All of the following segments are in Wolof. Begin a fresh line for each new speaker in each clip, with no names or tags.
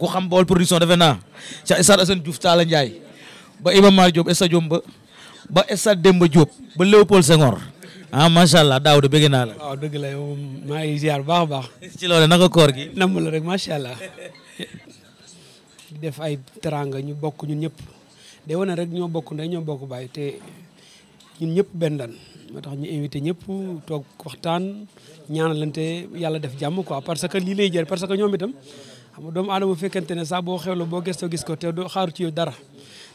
ku xam Baol production defe naa ca stade Assane Diouf Talla Ndiaye ba Iba Mar Diop stade Diomba ba stade Demba Diop ba Léopold Senghor ah macha allah daaw de bëgg naa la.
waaw dëgg la yow maa ngi ziar baax a baax. ci loolu naka koor gi. namm la rek macha allah. def ay teranga ñu bokk ñun ñëpp day wane rek ñoo bokk ndey ñoo bokk baay te ñun ñëpp benn lan moo tax ñu invité ñëpp toog waxtaan ñaanalante yàlla def jàmm quoi parce que lii lay jër parce que ñoom itam. xam nga doomu aadama bu fekkente ne saa boo xewloo boo gëstoo gis ko te doo xaaru ci yow dara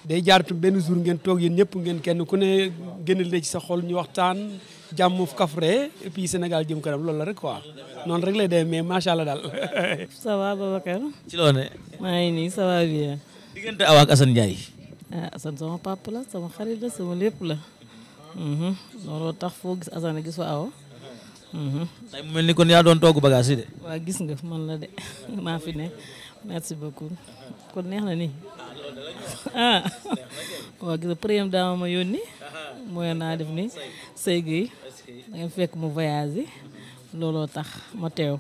day jaaratu benn jour ngeen toog yéen ñëpp ngeen kenn ku ne génnal la ci sa xol ñu waxtaan jàmm kafre et puis Sénégal jëm kanam loolu la rek quoi noonu rek lay demee mais macha allah daal. ça va Babacar.
ci loo ne. maa ngi
nii ça va bien.
diggante ah, la sama xarit lépp la. Mhm. looloo foo gis Assane gis fa tey mu mel ni kon yaa doon togg bagage yi de. waaw gis nga man la de maa fi ne merci beaucoup kon neex na ni ah waaw gis nga première dama ma yónni mooy naa def ni sëy gi fekk mu voyage yi looloo tax ma teew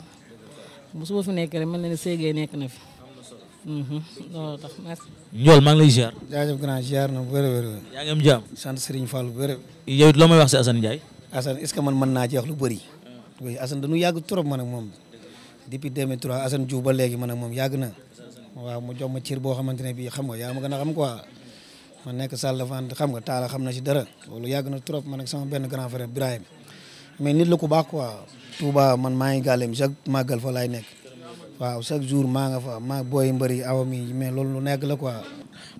bu suba fi nekk rek mel na ni sëy gi nekk na fi mhm. looloo tax merci. Ndiol maa ngi lay ziar.
jaajëf bu wér a am jàmm. sant Serigne Fall bu wér. yow it loo may wax si Assane Ndiaye. Assane est-ce que man mën naa ci lu bëri. oui Assane dañu yàgg trop man moom depuis 2003 Assane Diouf ba léegi man ak moom yàgg na waaw mu jox ma cër boo xamante ne bii xam nga yaa ma gën a xam quoi ma nekk salle de vente xam nga taala xam na ci dara loolu yàgg na trop man ak sama benn grand frère Birahim mais nit la ku baax quoi. Touba man maa ngi gàllem chaque màggal fa laay nekk waaw chaque jour maa nga fa maa booy mbëri awa mi mais loolu lu nekk la quoi.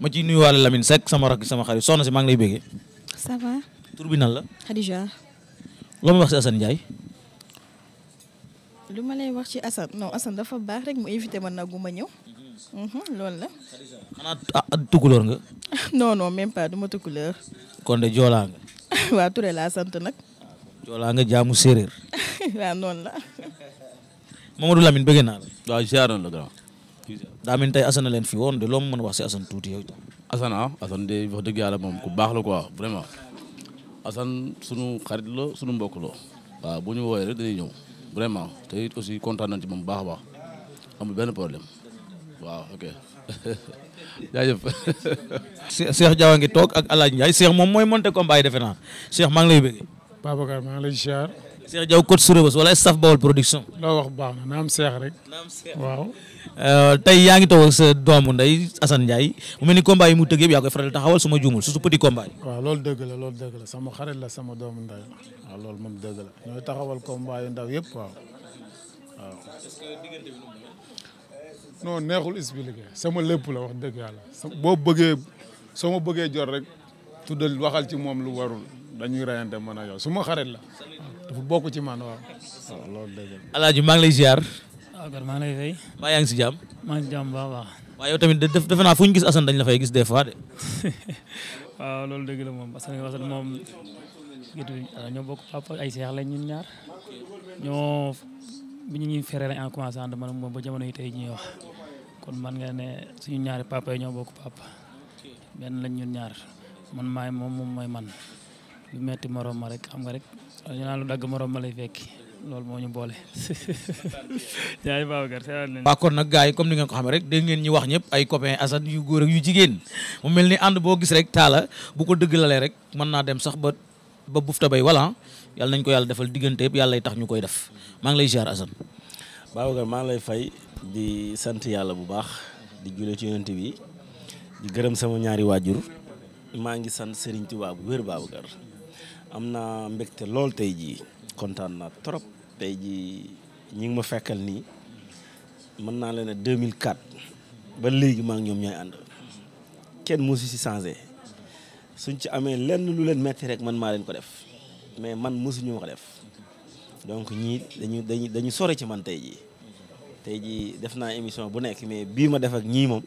ma ciy nuyuwaale Lamine Seck sama rakk sama xarit sona si maa ngi lay bëggee. ça va. tur bi nan la. Khadija. loo may wax si Assane Ndiaye. lu ma lay wax ci Assane non Assane dafa baax rek mu invité ma nagu ma ñëw. Mm-hmm. Mm-hmm, loolu la. xanaa ah, ah, tukulóor nga. non non même pas du ma tukulóor. kon de joolaa nga. waa Touré laa sant nag. joolaa nga jaamu séeréer. waaw la. Mamadou Lamine bëgg naa la. waaw ziaroon la grand. leen fi woon de loo mën wax si Assane tuuti yow itam. Ah, Assane de wax dëgg yàlla moom ku baax la ko vraiment sunu xarit la sunu mbokk la waaw bu ñu woowee rek dañuy ñëw. vraiment te it aussi kontaan nañ ci moom bu baax a baax amul benn problème waaw ok jaajëf. Cheikh Diaw a ngi toog ak El Hadj Ndiaye moom mooy monté combat yi defe naa Cheikh maa ngi lay bëgg. Babacar maa ngi lay ziar. Cheikh Diaw coach Rebeuss wala staff Baol production. loo wax bu baax na naam Cheikh rek. naam Cheikh waaw. Euh, tey yaa ngi toog ak sa doomu ndey Assane Ndiaye mu mel ni mu tëgg yëpp yaa koy faral taxawal suma juumul su su petit combat yi. waaw loolu dëgg la la sama xarit la sama doomu ndey la waaw loolu moom dëgg la ñooy taxawal combat yu ndaw yëpp waaw waaw. non neexul sama lépp la wax dëgg yàlla boo ma bëggee jot rek tuddal waxal ci moom lu warul. dañuy rayante man a yow su ma xarit la dafa bokk ci man waaw waaw oh, loolu dëgg maa lay ziar. waaw ah, kër maa ngi ngi si jàmm. maa ngi si jàmm baax a baax. waaw yow tamit defe naa fu ñu gis Assane dañ la fay gis des fois de. waaw loolu dëgg la moom Assane Assane moom gitu ñoo bokk papa ay seex lañ ñaar ñoo bi ñuy feree lañ en commencé man moom ba jamono yi tey ñuy wax kon man nga ne suñu ñaari papa yi ñoo bokk papa benn lañ ñaar man maay moom moom mooy man. lu metti morom ma rek xam nga rek ñu naan lu dagg morom ma lay fekki loolu moo ñu boole. jaay Babacar seetaan nañu. kon nag gars yi comme ni ngeen ko xamee rek dégg ngeen ñi wax ñëpp ay copains Assane yu góor ak yu jigéen mu mel ni ànd boo gis rek taala bu ko dëgg lalee rek mën naa dem sax ba ba bufta bay wala yàlla nañ ko yàlla defal diggante yëpp yàlla lay tax ñu koy def maa ngi lay ziar Assane.
Babacar maa ngi lay fay di sant yàlla bu baax di julli ci bi di gërëm sama ñaari waajur maa ngi sant Serigne Touba bu wér am naa mbégte lool tey jii kontaan naa trop tey jii ñi ngi ma fekkal nii mën naa leen ne 2004 ba léegi maa ngi ñoom ñooy ànd kenn mosu si changé suñ ci amee lenn lu leen metti rek man maa leen ko def mais man mosuñu ma ko def donc ñii dañu dañu dañu sore ci man tey ji tey jii def naa émission bu nekk mais bii ma def ak ñii moom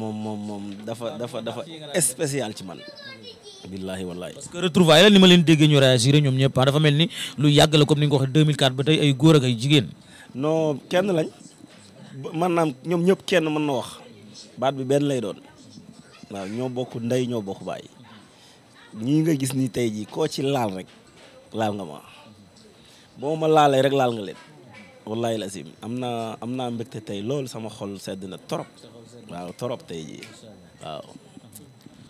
moom moom moom dafa dafa dafa ci man billahi wallahi parce que retrouvaille
la ni ma leen déggee ñu réagir ñoom ñëpp ah, dafa mel ni lu yàgg la comme ni nga ko waxee 2004 ba tey ay góor ak ay jigéen.
non kenn lañ maanaam ñoom ñëpp kenn mën na wax baat bi benn lay doon waaw ñoo bokk ndey ñoo bokk baay ñii nga gis ni tey jii koo ci laal rek laal nga ma boo ma laalee rek laal nga leen. wallahi lazim am na am naa mbégte tey loolu sama xol sedd na trop waaw trop tey ji waaw.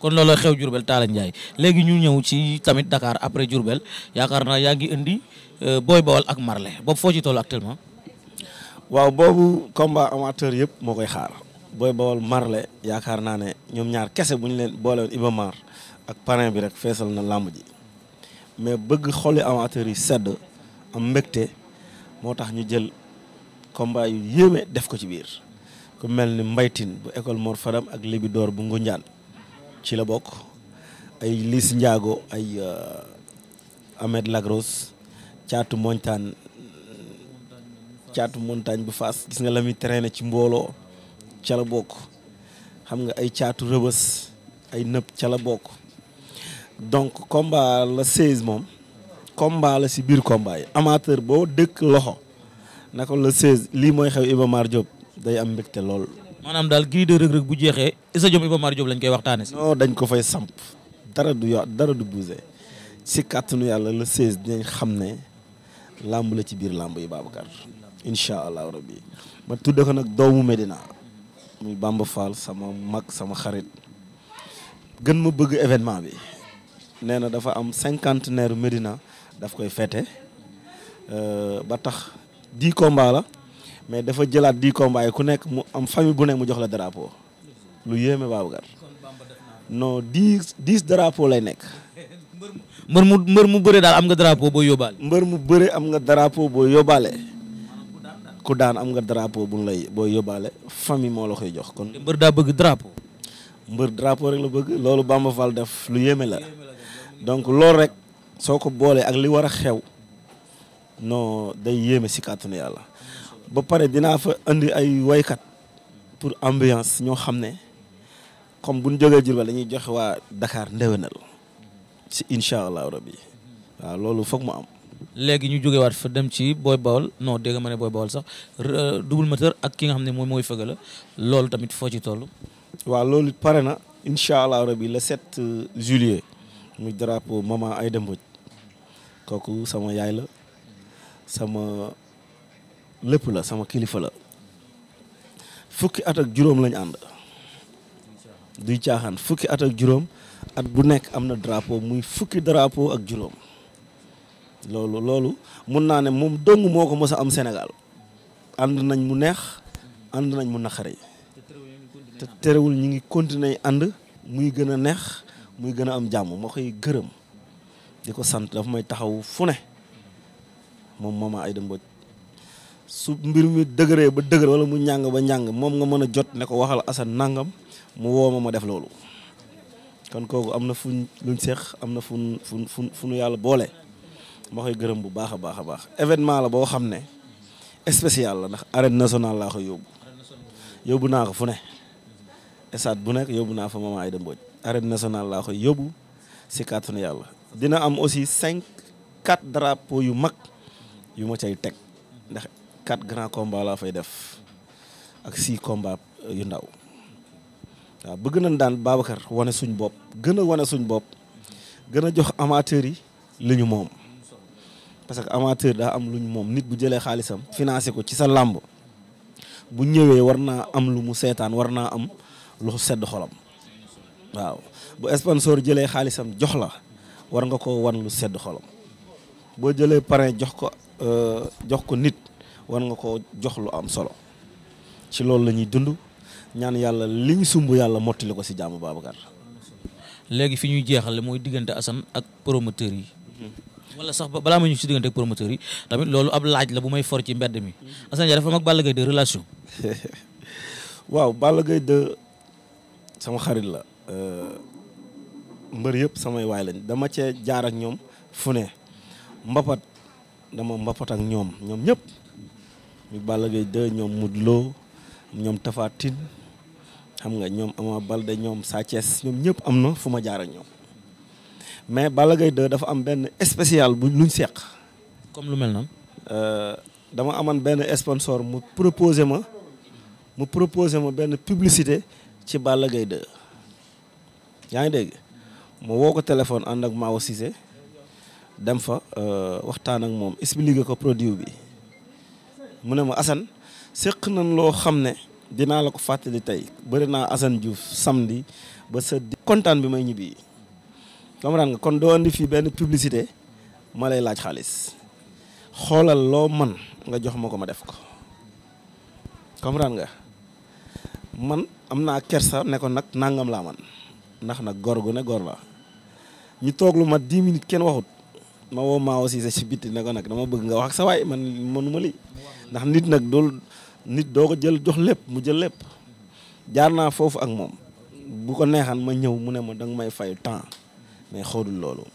kon looloo xew Diourbel Talla Ndiaye léegi ñu ñëw ci tamit Dakar après Diourbel yaakaar naa yaa ngi indi euh, booy Baol ak Marley boobu foo ci toll actuellement.
waaw boobu combat amateur yëpp moo koy xaar Boy Baol Marley yaakaar naa ne ñoom ñaar kese bu ñu leen boolewoon Iba Mar ak parrain bi rek feesal na làmb ji mais bëgg xoli amateur yi sedd am mbégte moo tax ñu jël combat yu yéeme def ko ci biir ku mel ni mbaytin bu école Mor Fadam ak Libidoor bu Ngunjaan ci la bokk ay Liss njaago ay euh, Ahmed Lagros caatu montagne caatu montagne bu faas gis nga la muy traîné ci mbooloo ca la bokk xam nga ay caatu rëbës ay nëb ca la bokk donc combat la 16 moom combat la si biir combat amateur boo dëkk loxo na ko la 16 lii mooy xew Iba Mar Diop day am mbégte lool
maanaam daal Gris de Reug Reug bu jeexee Issa Diom Iba Mar lañ koy waxtaane si non
dañ ko fay samp dara du yo dara du bougé si kàttanu yàlla le 16 dinañ xam ne làmb la ci biir làmb yi Babacar incha allahu rabbi ma tudde ko nag doomu Medina muy Bamba Fall sama mag sama xarit gën ma bëgg événement bi nee na dafa am cinquantenaire Medina daf koy fête euh, ba tax dix mais dafa jëlaat di combat ku nekk mu am famille bu nekk mu jox la drapeau lu yéeme Babacar non dix dix drapeau lay nekk. mbër mu mbër mu bëre daal am nga drapeau boo yóbbaale. mbër mu bëre am nga drapeau boo ku daan am nga drapeau bu lay boo yóbbaale famille moo la koy jox kon. mbër daa bëgg drapeau. mbër drapeau rek la bëgg loolu Bamba Fall def lu yéeme la donc loolu rek soo ko boolee ak li war a xew no day yéeme si kàttanu yàlla. ba pare dinaa fa indi ay woykat pour ambiance ñoo xam ne comme bu ñu jógee Diourbel dañuy joxe waa Dakar ndewenal si incha allah rabi waaw loolu foog mu am.
léegi ñu jóge waat fa dem ci Boy Baol non dégg ma ne booy Baol sax double moteur ak ki nga xam ne moom mooy fëgg la loolu
tamit foo ci toll. waa loolu pare na incha allah rabi le 7 euh, juillet muy drapeau maman Aïda Mbodj kooku sama yaay la sama. lépp la sama kilifa la fukki at ak juróom lañ ànd duy caaxaan fukki at ak juróom at bu nekk am na drapeau muy fukki drapeau ak juróom loolu loolu mun naa ne moom dong moo ko mos a am senegal ànd nañ mu neex ànd nañ mu naqari te terewul ñu ngi continuer ànd muy gën a neex muy gën a am jàmm ma koy gërëm di ko sant dafa may taxaw fu ne moom Mama Aïda Mbodj su mbir mi dëgëree ba dëgër wala mu ñàng ba ñàng moom nga mën a jot ne ko waxal Assane nangam mu woo ma ma def loolu kon kooku am na fuñ luñ am na fuñ fuñ fuñ fu nu yàlla boole ma koy gërëm bu baax a baax a baax événement la boo xam ne spécial la ndax arène nationale laa koy yóbbu yóbbu naa ko fu ne stade bu nekk yóbbu naa fa Mama Aïda Mbodj nationale laa koy si kàttanu yàlla dina am aussi cinq quatre drapeaux yu mag yu ma cay teg quatre grands combats laa fay def ak six combats yu ndaw waaw bëgg nañ daan Babacar wane suñ bopp gën a wane suñ bopp gën a jox amateurs yi li ñu moom parce que amateur daa am luñu moom nit bu jëlee xaalisam financé ko ci sa làmb bu ñëwee war naa am lu mu seetaan war naa am lu sedd xolam waaw bu sponsor jëlee xaalisam jox la war nga ko wan lu sedd xolam boo jëlee parrain jox ko euh, jox ko nit war nga ko jox lu am solo ci loolu la ñuy dund ñaan yàlla li sumb yàlla mottali ko si jàmm Babacar.
léegi fi ñuy jeexale mooy diggante Assane ak promoteur yi. Hmm. wala sax balaa ma ñu si diggante ak promoteur yi tamit loolu ab laaj la bu may for ci mbedd mi asan Dia dafa am ak Balla
Gaye xarit la. Euh, mbër yëpp samay waay dama cee jaar ak ñoom fu ne mbapat dama mbapat ak ñoom ñoom ñëpp. ñu Balla Gaye 2 ñoom Modou loo ñoom Tapha xam nga ñoom Ama Baldé ñoom Sa ñoom ñëpp am na fu ma jaar ak ñoom mais Balla Gaye 2 dafa am benn spécial bu luñ seq. comme lu mel noonu. Euh, dama amoon benn sponsor mu proposé ma mu proposé ma benn publicité ci Balla Gaye 2 yaa ngi dégg ma woo ko téléphone ànd ak Mao Cissé dem fa euh, waxtaan ak moom expliqué ko produit bi. mu ne ma Assane séq nañ loo xam ne dinaa la ko fàttali tey bëri naa Assane Diouf samedi ba sa kontaan bi may ñibbi comprendre nga kon doo andi fii benn publicité ma lay laaj xaalis xoolal loo man nga jox ma ko ma def ko comprendre nga man am naa kersa ne ko nag nangam laa man ndax nag góor gu ne góor la ñu toog lu ma dix minutes kenn waxut ma woo maa aussi sa si bitti ne ko nag dama bëgg nga wax ak sa waay man mënuma lii ndax nit nag dool nit doo ko jël jox lépp mu jël lépp jaar naa foofu ak moom bu ko neexan ma ñëw mu ne ma danga may fay temps mais xoodul loolu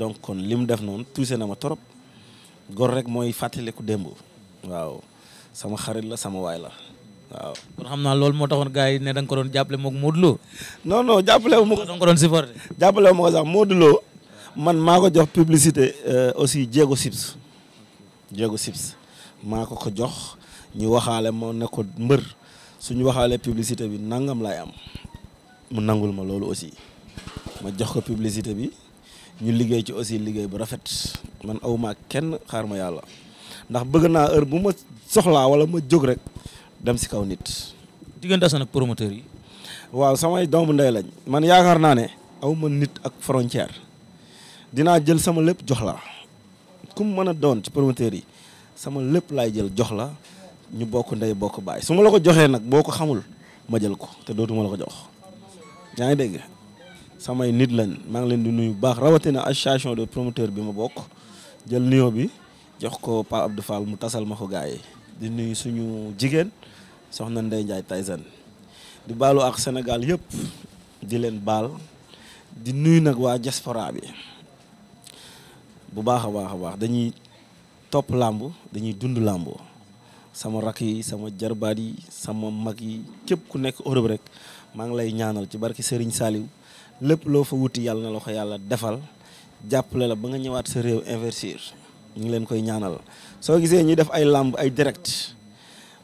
donc kon li mu def noonu tuuse na ma trop gor rek mooy fàttaliku démb waaw sama xarit la sama waay la waaw. kon xam naa lool moo taxoon gars yi ne da nga ko doon jàppale moog Modou non non jàppale wu sax Modou man maa ko jox publicité euh, aussi jéego sips jéego maa ko ko jox ñu waxaale ma ne ko mbër suñu waxaale publicité bi nangam laay am mu nangul ma loolu aussi ma jox ko publicité bi ñu liggéey ci aussi liggéey bu rafet man aw kenn xaar ma yàlla ndax bëgg naa heure bu ma soxlaa wala ma jóg rek dem si kaw nit. diggante Assane ak promoteur yi. waaw samay doomu ndey lañ man yaakaar naa ne aw ma nit ak frontière. dinaa jël sama lépp jox la ku mu mën a doon ci promoteur yi sama lépp laay jël jox la ñu bokk ndey bokk baay su ma la ko joxee nag boo ko xamul ma jël ko te dootuma la ko jox yaa ngi dégg samay nit lañ maa ngi leen di nuyu bu baax rawatina association de promoteur bi ma bokk jël nuyoo bi jox ko Pa de Fall mu tasal ma ko gars yi di nuyu suñu jigéen soxna Ndeye Ndiaye Tyson di baalu ak Sénégal yëpp di leen baal di nuyu nag waa diaspora bi bu baax a baax a baax dañuy topp làmb dañuy dund làmb sama rak yi sama jarbaat yi sama mag yi képp ku nekk Europe rek maa ngi lay ñaanal ci barki Serigne saalim lépp loo fa wuti yàlla na la ko yàlla defal jàppale la ba nga ñëwaat sa réew investir ñu ngi leen koy ñaanal soo gisee ñuy def ay làmb ay direct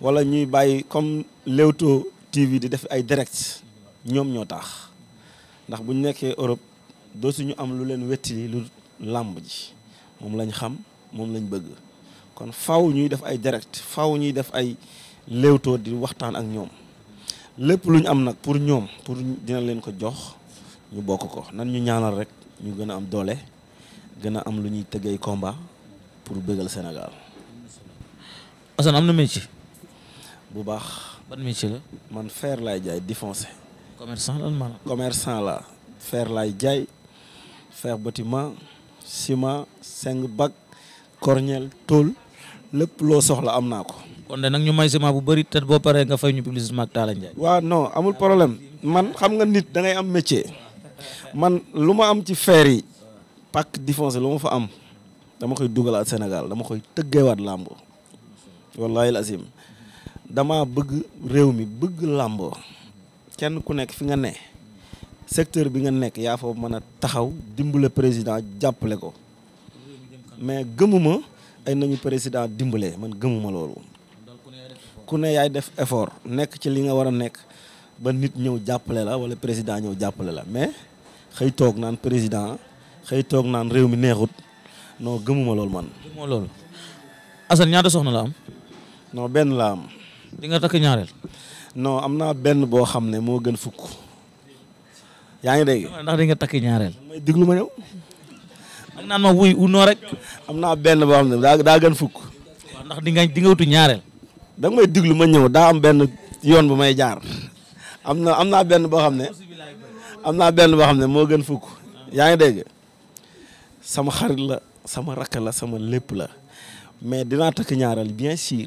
wala ñuy bàyyi comme Leewtoo TV di def ay direct ñoom ñoo tax ndax bu nekkee Europe doo suñu am lu leen wetti lu làmb ji moom lañ xam moom lañ bëgg kon faw ñuy def ay direct faw ñuy def ay léewtoo di waxtaan ak ñoom lépp lu am nag pour ñoom pour dina leen ko jox ñu bokk ko nan ñu ñaanal rek ñu gën a am doole gën a am lu ñuy tëggee combat pour bëggal Sénégal.
Assane am na métier.
bu baax. ban métier la. man fer laay jaay défoncé. commerçant lan maanaam. la fer laay jaay fer bâtiment. ciment seng bac cornel tool lépp loo soxla am naa ko.
kon de nag ñu may ciment bu bari te boo paree nga fay ñu publicité ak
waa Ndiaye. amul problème man xam nga nit dangay am métier man lu ma am ci feer yi pàcc défoncé lu ma fa am dama koy at Sénégal dama koy tëggeewaat làmb wallahi lazim dama bëgg réew mi bëgg làmb kenn ku nekk fi nga ne. secteur bi nga nekk yaa fa mën a taxaw dimbale président jàppale ko mais gëmuma ay nañu président dimbale man gëmuma loolu ku ne yaay def effort nekk ci li nga war a nekk ba nit ñëw jàppale la wala président ñëw jàppale la mais xëy toog naan président xëy toog naan réew mi neexut noo gëmuma loolu man. gëmuma loolu Assane ñaata soxna la am. non benn la am. di takk ñaareel. non am naa benn boo xam ne moo gën fukk. yaa ngi dégg.
ndax di nga takk ñaareel.
may diglu ma ñëw. ak naan ma wuy rek. am naa benn boo xam ne daa daa gën fukk. ndax di nga di ñaareel. da diglu ma ñëw daa am benn yoon bu may jaar. am na am naa benn boo xam ne naa benn boo xam ne moo gën fukk. yaa ngi dégg sama xarit la sama rakk la sama lépp la mais dinaa takk ñaareel bien sûr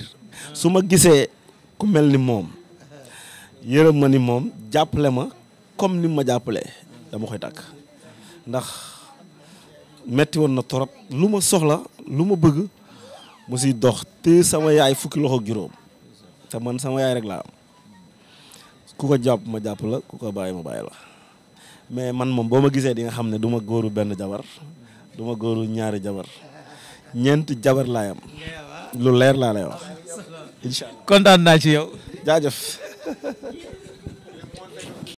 su ma gisee ku mel ni moom yërëm ma ni moom jàppale ma. comme ni ma jàppale dama koy tàkk ndax metti woon na torop lu ma soxla lu ma bëgg mu si dox te sama yaay fukki loxo juróom te man sama yaay rek laa am ku ko jàpp ma jàpp la ku ko bàyyi ma bàyyi la mais man moom boo ma gisee di nga xam ne du ma góoru benn jabar duma ma góoru ñaari jabar ñeenti jabar laay am lu leer laa lay wax incha allah naa ci yow jaajëf